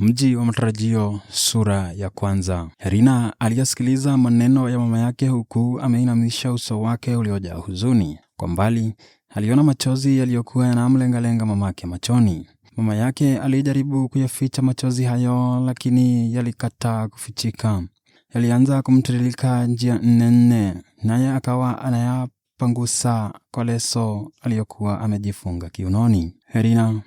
Mji wa Matarajio sura ya kwanza. Rina aliyasikiliza maneno ya mama yake huku ameinamisha uso wake uliojaa huzuni. Kwa mbali aliona machozi yaliyokuwa yanamlengalenga mamake machoni. Mama yake alijaribu kuyaficha machozi hayo, lakini yalikataa kufichika. Yalianza kumtiririka njia nne nne, naye akawa anayapangusa kwa leso aliyokuwa amejifunga kiunoni. Rina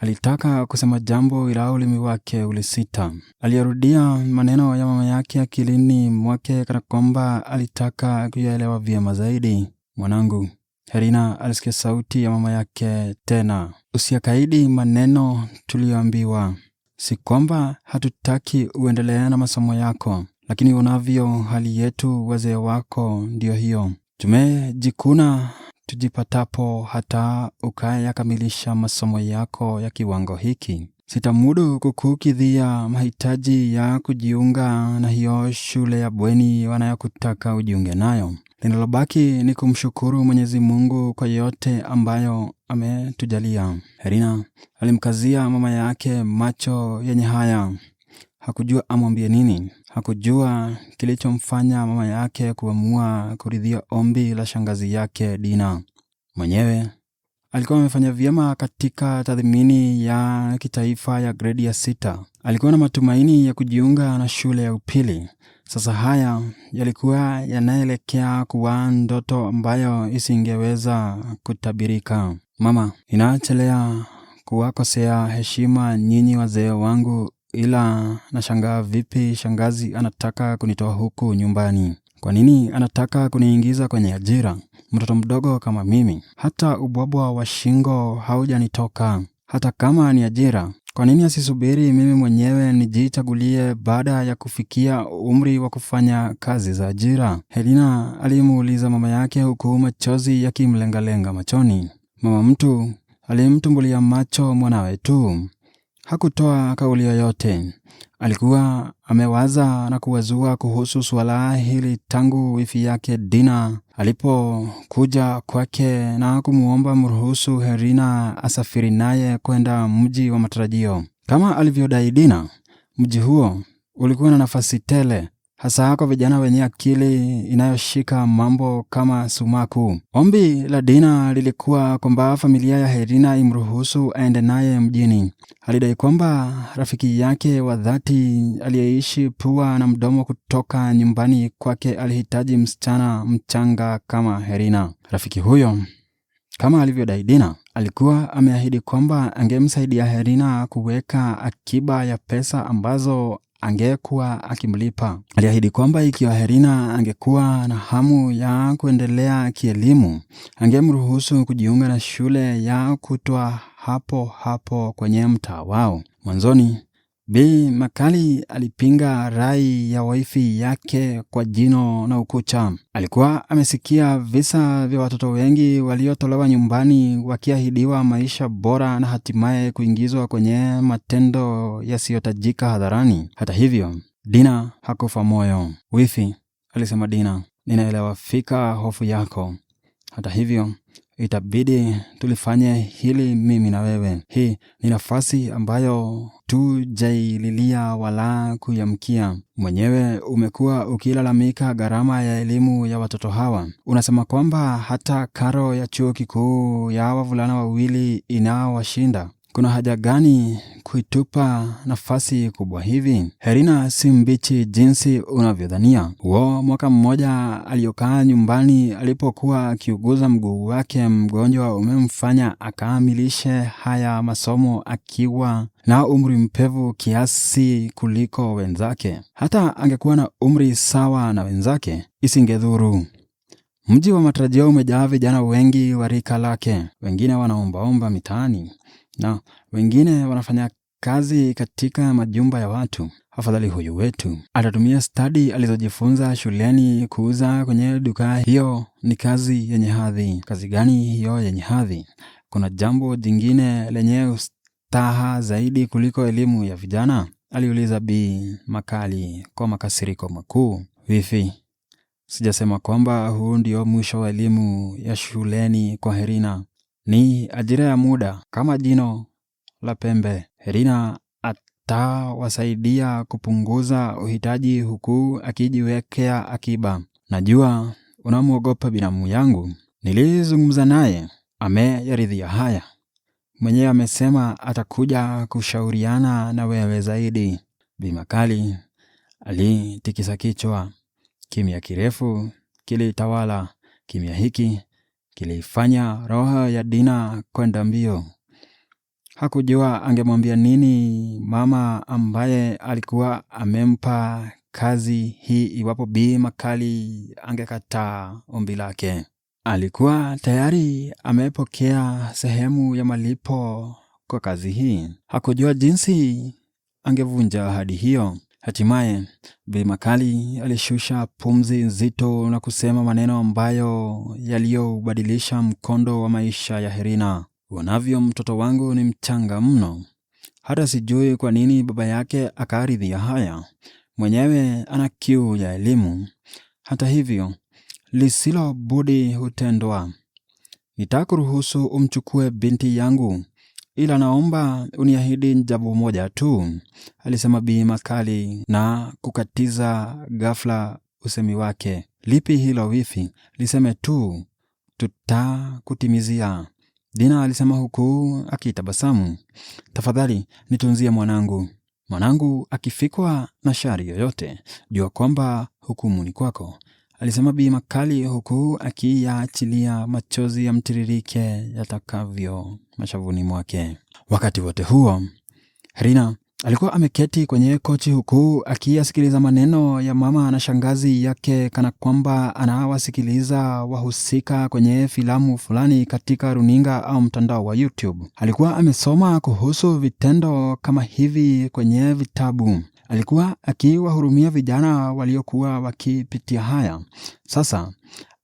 Alitaka kusema jambo ila ulimi wake ulisita. Aliyarudia maneno ya mama yake akilini mwake kana kwamba alitaka kuyaelewa vyema zaidi. Mwanangu. Herina alisikia sauti ya mama yake tena. Usiyakaidi maneno tuliyoambiwa. Si kwamba hatutaki uendelee na masomo yako, lakini unavyo hali yetu, wazee wako ndiyo hiyo. Tumejikuna tujipatapo hata ukayakamilisha masomo yako ya kiwango hiki, sitamudu kukukidhia mahitaji ya kujiunga na hiyo shule ya bweni wanayokutaka ujiunge nayo. Linalobaki ni kumshukuru Mwenyezi Mungu kwa yote ambayo ametujalia. Herina alimkazia mama yake macho yenye haya. Hakujua amwambie nini, hakujua kilichomfanya mama yake kuamua kuridhia ombi la shangazi yake Dina. Mwenyewe alikuwa amefanya vyema katika tathmini ya kitaifa ya gredi ya sita. Alikuwa na matumaini ya kujiunga na shule ya upili. Sasa haya yalikuwa yanaelekea kuwa ndoto ambayo isingeweza kutabirika. Mama, inaachelea kuwakosea heshima nyinyi wazee wangu ila nashangaa vipi shangazi anataka kunitoa huku nyumbani. Kwa nini anataka kuniingiza kwenye ajira? Mtoto mdogo kama mimi, hata ubwabwa wa shingo haujanitoka. Hata kama ni ajira, kwa nini asisubiri mimi mwenyewe nijichagulie baada ya kufikia umri wa kufanya kazi za ajira? helina alimuuliza mama yake, huku machozi yakimlengalenga machoni. Mama mtu alimtumbulia macho mwanawe tu. Hakutoa kauli yoyote. Alikuwa amewaza na kuwazua kuhusu suala hili tangu wifi yake Dina alipokuja kwake na kumwomba mruhusu Herina asafiri naye kwenda mji wa matarajio. Kama alivyodai Dina, mji huo ulikuwa na nafasi tele hasa kwa vijana wenye akili inayoshika mambo kama sumaku. Ombi la Dina lilikuwa kwamba familia ya Herina imruhusu aende naye mjini. Alidai kwamba rafiki yake wa dhati aliyeishi pua na mdomo kutoka nyumbani kwake alihitaji msichana mchanga kama Herina. Rafiki huyo kama alivyodai Dina alikuwa ameahidi kwamba angemsaidia Herina kuweka akiba ya pesa ambazo angekuwa akimlipa. Aliahidi kwamba ikiwa Herina angekuwa na hamu ya kuendelea kielimu, angemruhusu kujiunga na shule ya kutwa hapo hapo kwenye mtaa wao. Mwanzoni Bi Makali alipinga rai ya waifi yake kwa jino na ukucha. Alikuwa amesikia visa vya watoto wengi waliotolewa nyumbani wakiahidiwa maisha bora na hatimaye kuingizwa kwenye matendo yasiyotajika hadharani. Hata hivyo, Dina hakufa moyo. Wifi, alisema Dina, ninaelewa fika hofu yako, hata hivyo, itabidi tulifanye hili mimi na wewe. Hii ni nafasi ambayo tujaililia wala kuyamkia. Mwenyewe umekuwa ukilalamika gharama ya elimu ya watoto hawa. Unasema kwamba hata karo ya chuo kikuu ya wavulana wawili inawashinda. Kuna haja gani kuitupa nafasi kubwa hivi? Herina si mbichi jinsi unavyodhania. Wo mwaka mmoja aliyokaa nyumbani alipokuwa akiuguza mguu wake mgonjwa umemfanya akaamilishe haya masomo akiwa na umri mpevu kiasi kuliko wenzake. Hata angekuwa na umri sawa na wenzake isingedhuru. Mji wa matarajio umejaa vijana wengi wa rika lake, wengine wanaombaomba mitaani na wengine wanafanya kazi katika majumba ya watu. Afadhali huyu wetu atatumia stadi alizojifunza shuleni kuuza kwenye duka. Hiyo ni kazi yenye hadhi. Kazi gani hiyo yenye hadhi? Kuna jambo jingine lenye ustaha zaidi kuliko elimu ya vijana? aliuliza b Makali kwa makasiriko makuu. vifi sijasema kwamba huu ndio mwisho wa elimu ya shuleni kwa Herina? Ni ajira ya muda kama jino la pembe. herina atawasaidia kupunguza uhitaji huku akijiwekea akiba. Najua unamwogopa binamu yangu, nilizungumza naye, ameyaridhia haya. Mwenyewe amesema atakuja kushauriana na wewe zaidi. bimakali alitikisa kichwa. Kimya kirefu kilitawala kimya hiki kilifanya roho ya Dina kwenda mbio. Hakujua angemwambia nini mama ambaye alikuwa amempa kazi hii iwapo Bi Makali angekataa ombi lake. Alikuwa tayari amepokea sehemu ya malipo kwa kazi hii. Hakujua jinsi angevunja ahadi hiyo. Hatimaye Bei Makali alishusha pumzi nzito na kusema maneno ambayo yaliyobadilisha mkondo wa maisha ya Herina. Uonavyo, mtoto wangu ni mchanga mno, hata sijui kwa nini baba yake akaaridhia ya haya. Mwenyewe ana kiu ya elimu. Hata hivyo, lisilo budi hutendwa. Nitakuruhusu umchukue binti yangu ila naomba uniahidi jambo moja tu, alisema Bi Makali na kukatiza ghafla usemi wake. Lipi hilo wifi? Liseme tu, tutakutimizia. Dina alisema huku akitabasamu. Tafadhali nitunzie mwanangu, mwanangu akifikwa na shari yoyote, jua kwamba hukumu ni kwako alisema Bi Makali huku akiyaachilia machozi ya mtiririke yatakavyo mashavuni mwake. Wakati wote huo, Rina alikuwa ameketi kwenye kochi huku akiyasikiliza maneno ya mama na shangazi yake kana kwamba anawasikiliza wahusika kwenye filamu fulani katika runinga au mtandao wa YouTube. Alikuwa amesoma kuhusu vitendo kama hivi kwenye vitabu. Alikuwa akiwahurumia vijana waliokuwa wakipitia haya. Sasa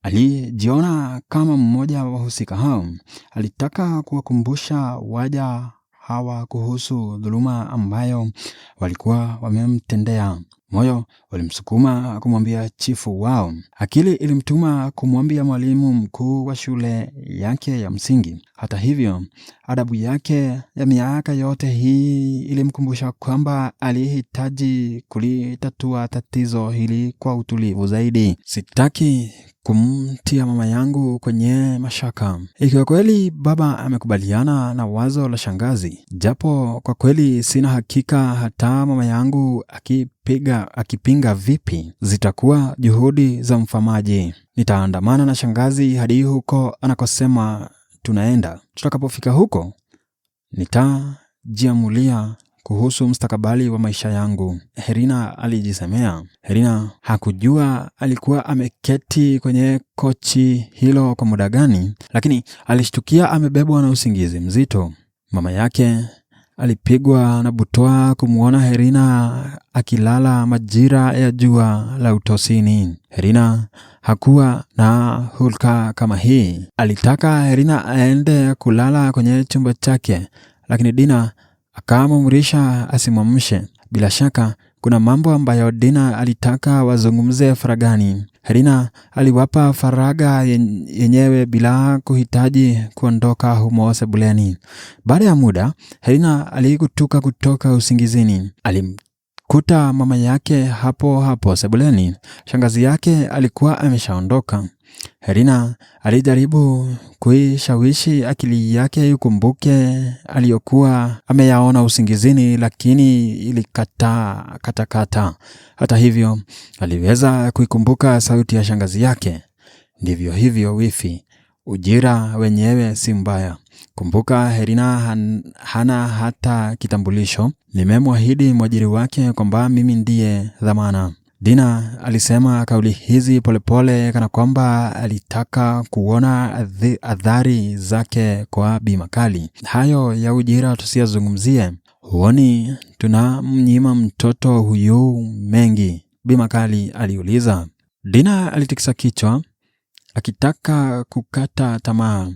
alijiona kama mmoja wa wahusika hao. Alitaka kuwakumbusha waja hawa kuhusu dhuluma ambayo walikuwa wamemtendea. Moyo walimsukuma kumwambia chifu wao. Akili ilimtuma kumwambia mwalimu mkuu wa shule yake ya msingi. Hata hivyo, adabu yake ya miaka yote hii ilimkumbusha kwamba alihitaji kulitatua tatizo hili kwa utulivu zaidi. Sitaki kumtia mama yangu kwenye mashaka. Ikiwa kweli baba amekubaliana na wazo la shangazi, japo kwa kweli sina hakika, hata mama yangu akipiga akipinga kujikinga vipi zitakuwa juhudi za mfamaji. Nitaandamana na shangazi hadi huko anakosema tunaenda. Tutakapofika huko, nitajiamulia kuhusu mstakabali wa maisha yangu, Herina alijisemea. Herina hakujua alikuwa ameketi kwenye kochi hilo kwa muda gani, lakini alishtukia amebebwa na usingizi mzito. Mama yake Alipigwa na butoa kumwona Herina akilala majira ya jua la utosini. Herina hakuwa na hulka kama hii. Alitaka Herina aende kulala kwenye chumba chake, lakini Dina akaamrisha asimwamshe. Bila shaka kuna mambo ambayo Dina alitaka wazungumze faragani. Herina aliwapa faraga yenyewe bila kuhitaji kuondoka humo sebuleni. Baada ya muda, Herina alikutuka kutoka usingizini. Alimkuta mama yake hapo hapo sebuleni. Shangazi yake alikuwa ameshaondoka herina alijaribu kuishawishi akili yake ikumbuke aliyokuwa ameyaona usingizini, lakini ilikataa katakata. Hata hivyo, aliweza kuikumbuka sauti ya shangazi yake, ndivyo hivyo wifi, ujira wenyewe si mbaya. Kumbuka Herina han, hana hata kitambulisho. Nimemwahidi mwajiri wake kwamba mimi ndiye dhamana. Dina alisema kauli hizi polepole kana kwamba alitaka kuona athari zake kwa Bi Makali. Hayo ya ujira tusiyazungumzie. Huoni tuna mnyima mtoto huyu mengi? bima kali aliuliza. Dina alitikisa kichwa akitaka kukata tamaa,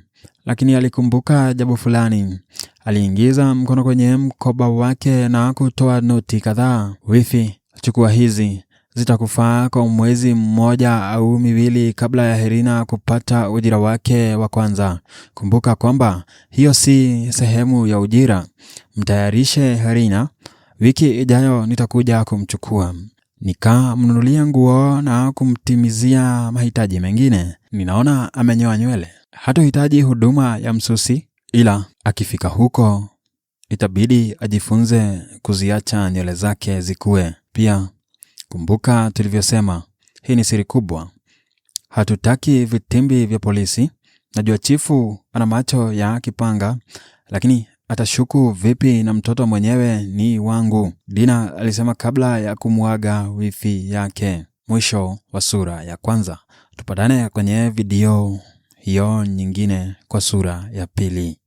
lakini alikumbuka jambo fulani. Aliingiza mkono kwenye mkoba wake na kutoa noti kadhaa. Wifi, chukua hizi zitakufaa kwa mwezi mmoja au miwili kabla ya Herina kupata ujira wake wa kwanza. Kumbuka kwamba hiyo si sehemu ya ujira. Mtayarishe Herina, wiki ijayo nitakuja kumchukua nikamnunulia nguo na kumtimizia mahitaji mengine. Ninaona amenyoa nywele, hatohitaji huduma ya msusi, ila akifika huko itabidi ajifunze kuziacha nywele zake zikue pia. Kumbuka tulivyosema, hii ni siri kubwa. Hatutaki vitimbi vya polisi. Najua chifu ana macho ya kipanga, lakini atashuku vipi na mtoto mwenyewe ni wangu, Dina alisema kabla ya kumwaga wifi yake. Mwisho wa sura ya kwanza. Tupatane kwenye video hiyo nyingine kwa sura ya pili.